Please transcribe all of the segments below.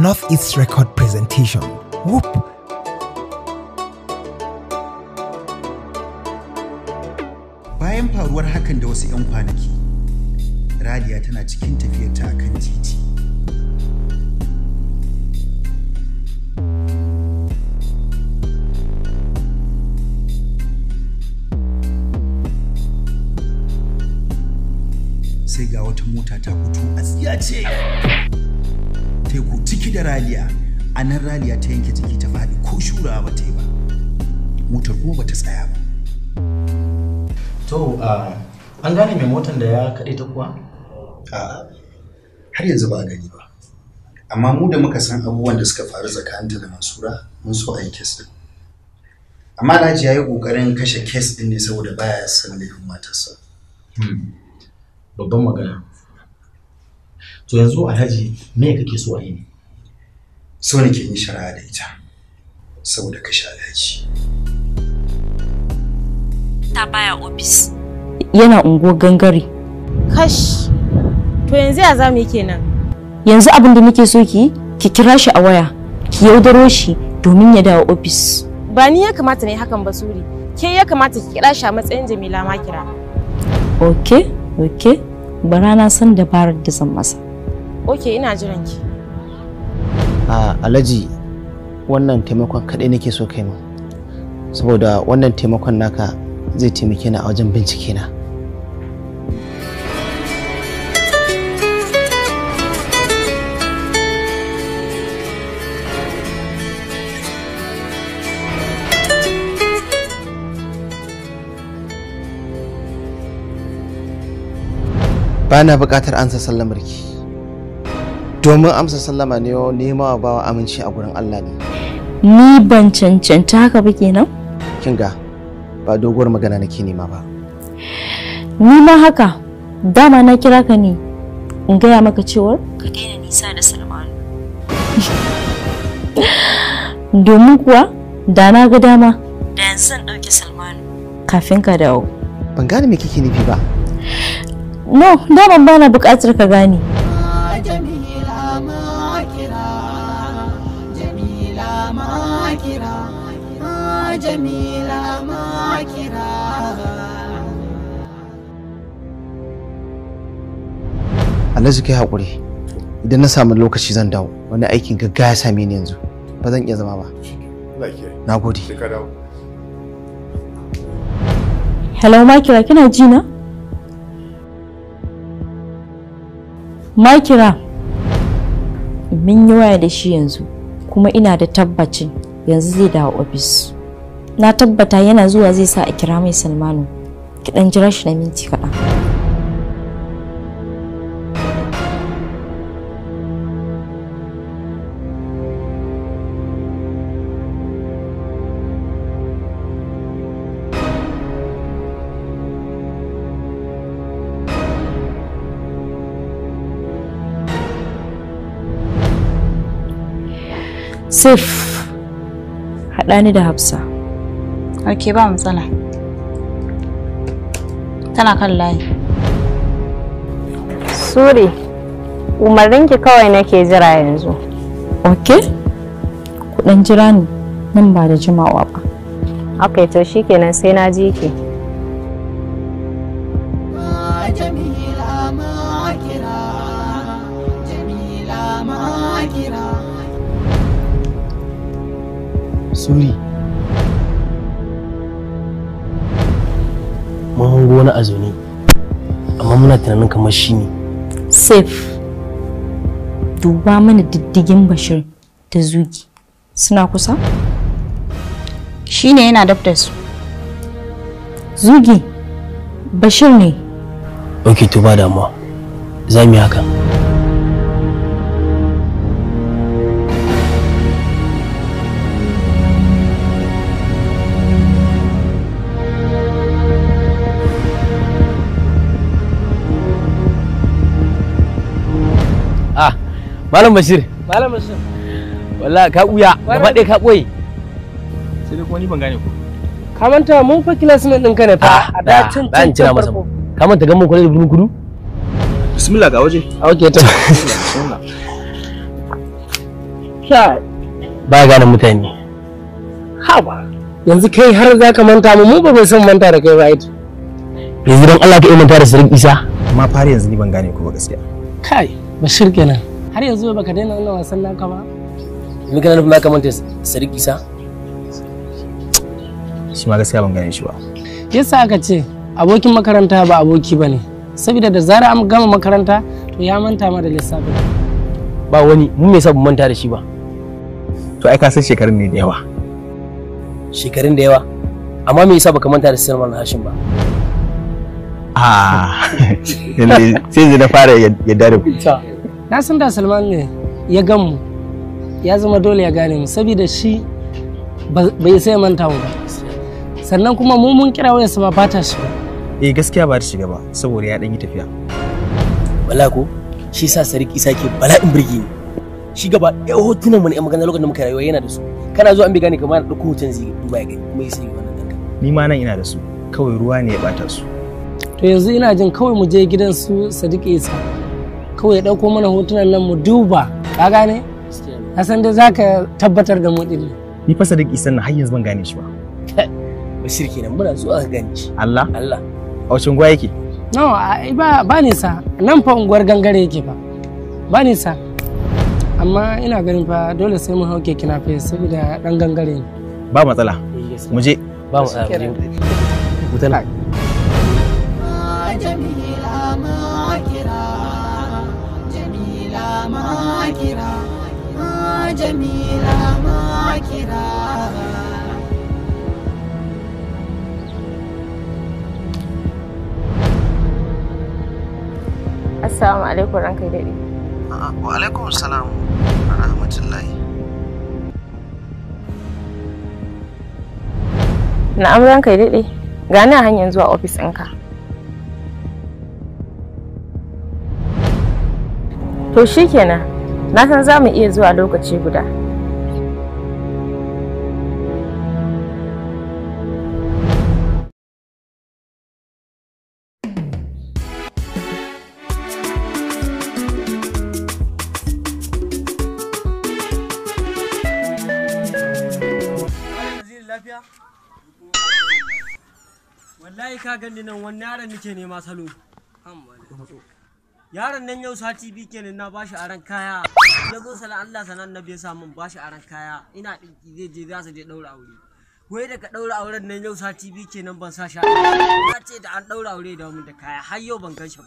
Northeast Record Presentation. Whoop! Bayan faruwar hakan da wasu 'yan kwanaki, Radiya tana cikin tafiyarta a kan titi. Sai ga wata mota ta fito a tsiyace. teku ciki da raliya a nan raliya ta yanke ciki ta faɗi ko shura ba ta yi ba motar kuma ba ta tsaya ba to an gane mai motar da ya kaɗe ta kuwa a'a har yanzu ba a gani ba amma mu da muka san abubuwan da suka faru tsakaninta da mansura mun so a yi kes din amma alhaji ya yi ƙoƙarin kashe kes din ne saboda baya son laifin matarsa hmm. babban magana to yanzu alhaji me kake so a yi ne so nake yin shari'a da ita saboda kashe alhaji ta baya ofis yana ungo gangare kash to yanzu ya zamu nan. yanzu abin da muke so ki ki kira shi a waya ki yaudaro shi domin ya dawo ofis ba ni ya kamata na yi hakan ba suri ke ya kamata ki kira shi a matsayin jamila ma kira okay okay bara na san dabarar da zan masa Okay, ina jiran ki a alhaji wannan taimakon kaɗai nake so kai mu saboda wannan taimakon naka zai taimake ni a wajen bincike na bana buƙatar ansa sallamarki domin amsa sallama ne nema wa bawa aminci a gurin Allah ne ni ban cancanta haka ba kenan kin ga ba doguwar magana nake nema ba ni ma haka dama na kira ka ne in gaya maka cewar ka daina nisa da Salmanu domin kuwa da na ga dama da yanzu zan ɗauki Salmanu kafin ka dawo ban gane me kike nufi ba no dama ba bana buƙatar ka gane na kai haƙuri idan na samu lokaci zan dawo wani aikin gaggawa ya same ni yanzu ba zan iya zama ba na gode hello makira kina ji na makira mun yi waya da shi yanzu kuma ina da tabbacin yanzu zai dawo ofis na tabbata yana zuwa zai sa a kira mai salmanu ki dan jira shi na minti ka sif haɗa ni da hafsa ok ba matsala tana kan layi suri umarninki kawai nake jira yanzu ok kuɗan jira ni nan ba da jimawa ba ok to shikenan sai na ji ki. suri mun hango wani a zaune amma muna tunanin kamar shi ne safe duba mana diddigin bashir da zugi suna kusa shine yana daftar su zugi bashir ne ok to ba damuwa za mu yi hakan Malam Bashir. Malam Bashir. Wallah ka uya, gaba ɗaya ka koyi. Sai dai kuma ni ban gane ku. Ka manta mu fa classmate ɗinka ne fa ah, a dacin Ban jira masa. Ka manta gan mun kwalle da burin kudu? Bismillah ga waje. Okay to. ta. Sha. Ba gane mutane. Ha ba. Yanzu kai har za ka manta mu mu ba bai san manta da kai ba ita. Yanzu dan Allah ka iya manta da Sadiq Isa. Amma fare yanzu ni ban gane ku ba gaskiya. Kai, Bashir kenan. har yanzu ba ka daina wannan wasan naka ba ni kana nufin naka manta sadiq isa shi ma gaskiya ban gane shi ba yasa aka ce abokin makaranta ba aboki bane saboda da zara an gama makaranta to ya manta ma da lissafin ba wani mun me yasa ban manta da shi ba to ai ka san shekarun ne da yawa shekarun da yawa amma me yasa baka manta da sirman hashin ba ah sai da fara yadda da na san da salman ne ya gan mu ya zama dole ya gane mu saboda shi bai sai manta mu ba sannan kuma mu mun kira wayarsa ma ba ta shiga eh gaskiya ba ta shiga ba saboda ya dan yi tafiya wala ko shi sa sarki sake bala'in birgi ne shi gaba ɗaya hotunan mu ne magana lokacin da muka rayuwa yana da su kana zuwa an bi gane kamar ɗauko hoton zai duba ya gani kuma ya sai wannan danka ni ma nan ina da su kawai ruwa ne ya bata su to yanzu ina jin kawai mu je gidan su sadiq isa kawai ya ɗauko mana hotunan nan mu duba ka gane na san da zaka tabbatar da mu ɗin ni fa sadiq isan na har yanzu ban gane shi ba bashir kenan muna zuwa ga gane shi Allah Allah a wacin gwa yake no ba ba nisa nan fa unguwar gangare yake fa ba nisa amma ina ganin fa dole sai mun hauke kina fa saboda dan gangare ba matsala eh, mu je ba matsala mu je makira ma jamila makira Assalamu alaikum ranka daɗi. Wa alaikum salam wa rahmatullahi. Na'am ranka daɗi. Gani a hanyar zuwa ofis ɗinka. to shikenan na san za mu iya zuwa lokaci guda wallahi ka gani nan wannan yaron nake nema salo yaron nan yau sati biyu kenan na bashi aran kaya ya zo sana Allah sana annabi ya sa min bashi aran kaya ina dinki zai je za su je daura aure wai daga daura auren nan yau sati biyu kenan ban sa sha ya ce da an daura aure da mun da kaya har yau ban ganshi ba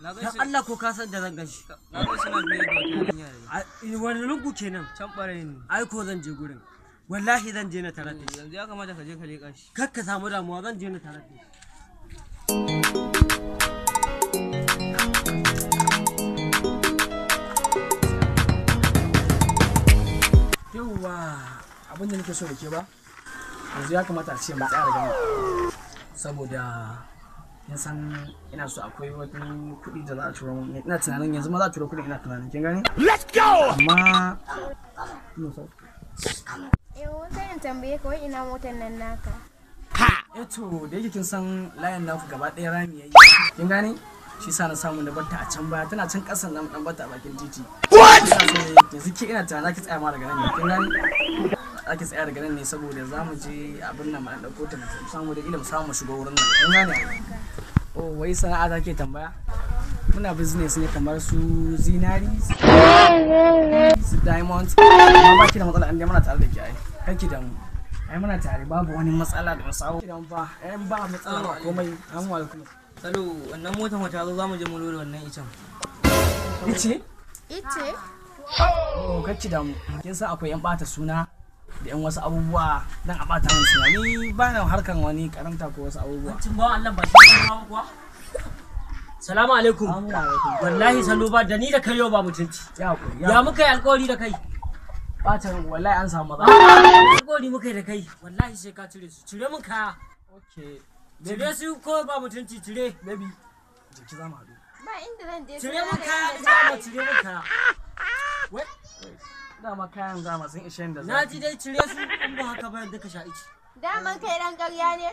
dan Allah ko ka san da zan ganshi na ga shi wani lungu kenan can barayin ai ko zan je gurin wallahi zan je na tarata yanzu ya kamata ka je ka leƙa shi kakka samu damuwa zan je na tarata yawwa abinda nake so da ke ba yanzu ya kamata a ce ba tsara gama saboda in san ina so akwai wani kuɗi da za a turo mun ina tunanin yanzu ma za a turo kuɗin ina tunanin kin gani let's go amma eh in tambaye ka wai ina motar nan naka ha eto eh da yake kin san layin naku gaba ɗaya rami yayi kin gani shi sa na samu da batta a can baya tana can ƙasan na dan batta a bakin titi yanzu ke ina tunanin zaki tsaya ma daga nan kin gani zaki tsaya daga nan ne saboda za mu je abin nan mu dan dauko ta mu samu da ilimi samu shigo wurin nan kin gane oh wai sana'a za zake tambaya muna business ne kamar su zinari su diamond amma ba ki da matsala an muna tare da ki ai kake da mu ai muna tare babu wani matsala da musawo idan ba ayan ba matsala ba komai amma alaikum salo wannan motar mu ta zo za mu je mu lura wannan icen ice Ice? Oh, kacci damu. Kin san akwai yan bata suna da yan wasu abubuwa dan a bata mun suna. Ni ba na harkan wani karanta ko wasu abubuwa. tun ba Allah ba shi ba kuwa. Salamu alaikum. Wallahi salo ba da ni da kai yau ba mutunci. Ya muka yi alƙawari da kai. Bata wallahi an samu maza Alƙawari ah, muka yi da kai. Wallahi sai ka cire su. Cire mun kaya. Okay. Cire su ko ba mutunci cire. Baby. Jiki za mu haɗu. Ba inda zan je. Cire za Dama kayan zama sun ishe da Na ji dai cire su in ba haka ba duka sha ici. Daman kai dan ƙarya ne.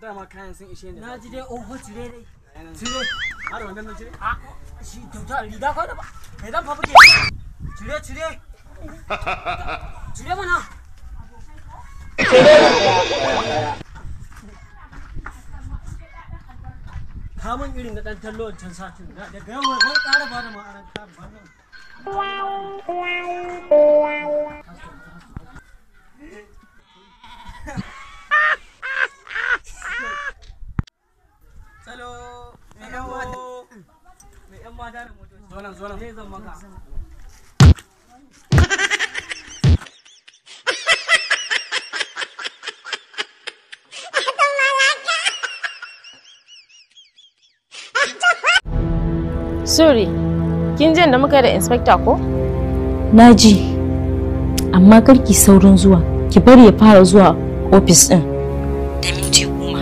Dama kayan sun ishe da. Na ji dai cire dai. Cire. Har wannan na cire. Ah. shi kyauta riga da ba. Cire cire. Cire mana. irin na dan tallo wancan satin daga yau wai ƙara ba da ma'anar ƙara ba nan Salo, da Sorry, kin jan da muka yi da inspector ko? Na ji, amma karki saurin zuwa, ki bari ya fara zuwa ofis ɗin. Da minti goma.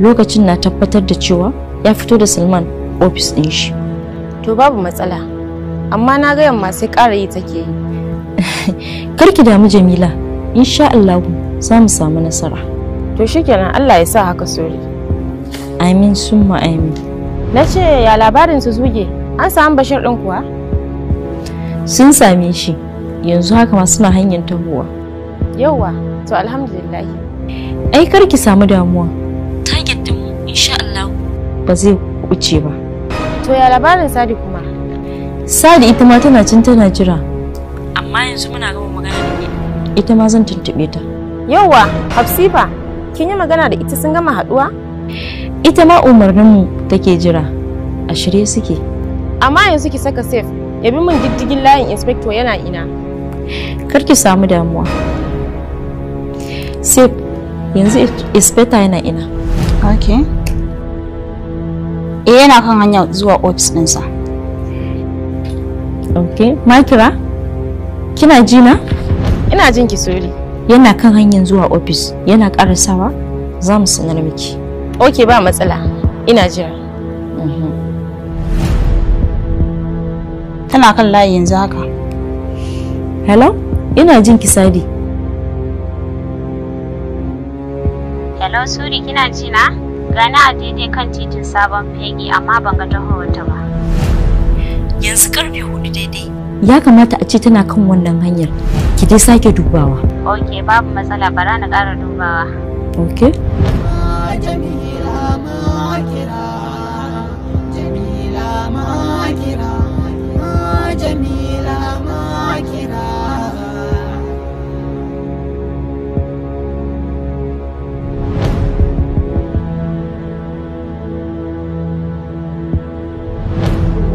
Lokacin na tabbatar da cewa ya fito da Salman ofis ɗin shi. To babu matsala, amma na ga yamma sai ƙara yi take yi. karki damu Jamila, insha Allah za mu samu nasara. To shikenan Allah ya sa haka suri. Amin summa amin. na ce ya labarin su zuge an samu bashir ɗin kuwa sun same shi yanzu haka ma suna hanyar tabuwa yauwa to alhamdulillah ai kar ki samu damuwa target din insha Allah ba zai kuce ba to ya labarin sadi kuma sadi ita ma tana cin tana jira amma yanzu muna gama magana da ita ma zan tuntube ta yauwa hafsifa kin yi magana da ita sun gama haɗuwa ita ma umarninmu take jira a shirye suke amma yanzu ki saka safe ya bi min diddigin layin inspector yana ina kar ki samu damuwa safe yanzu inspector yana ina okay eh yana kan hanya zuwa office ɗinsa okay makira kina jina ina jin ki sori yana kan hanyar zuwa ofis yana karasawa za mu sanar miki ok ba matsala ina jira mhm. tana kan layi yanzu haka hello ina jin ki sadi hello suri kina ji na gani a daidai kan titin sabon fegi amma ban ga ta ba yanzu karfe hudu daidai ya kamata a ce tana kan wannan hanyar ki dai sake dubawa ok babu matsala bara na ƙara dubawa ok jamila ma kira jamila ma kira jamila ma kira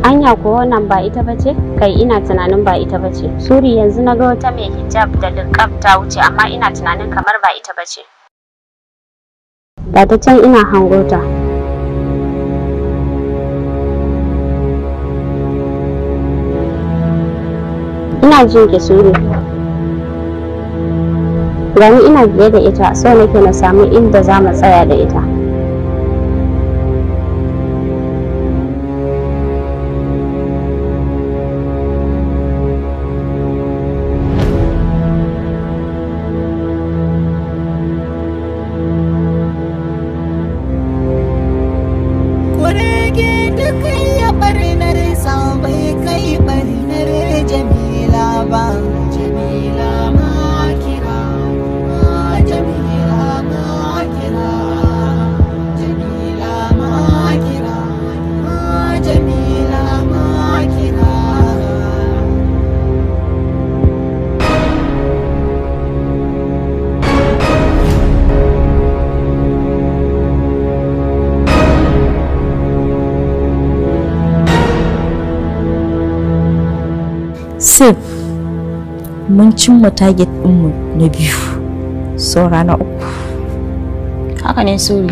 anya ko wannan ba ita bace kai ina tunanin ba ita bace suri yanzu na ga wata mai hijab da niqab ta wuce amma ina tunanin kamar ba ita bace ba ta can ina hangota ina jin ke suru gani ina biye da ita so nake na samu inda za mu tsaya da ita sir mun cimma target ɗinmu na biyu saura na uku haka ne suri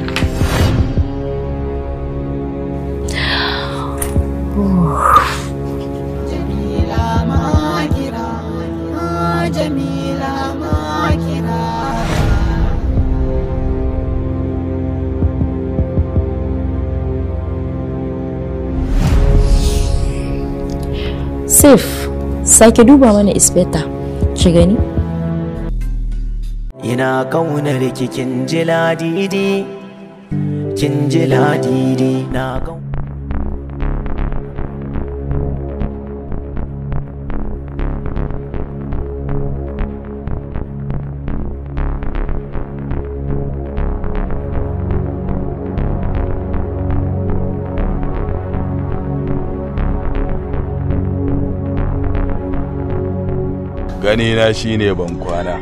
safe sake duba mana ispeta ki gani ina kaunar kikin jiladidi kin jiladidi na kaunar ganina shine ban kwana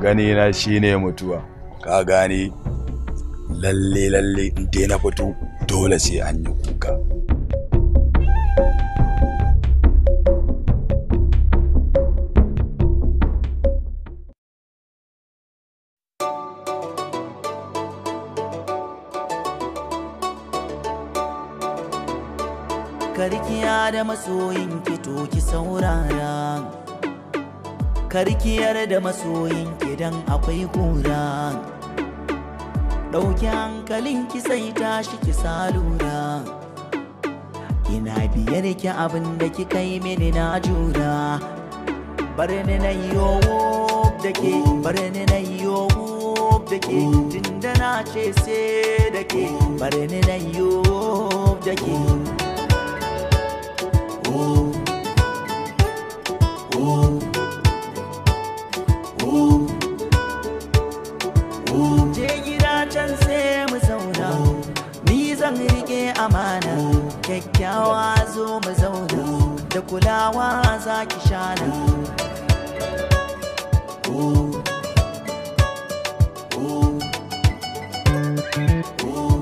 ganina shine mutuwa ka gane lalle lalle in dai na fito dole sai an yi kuka karkiya da masoyin ki ki saurara karkiyar da masoyin kidan akwai kura ɗauki hankalin ki sai tashi ki salura ina biyar ki abin da kika yi mini na jura ni na yowo da ke ni na yowo da ke tun da na ce sai da ke ni na yowo da ke da kulawa za ki shana Oh, oh, oh.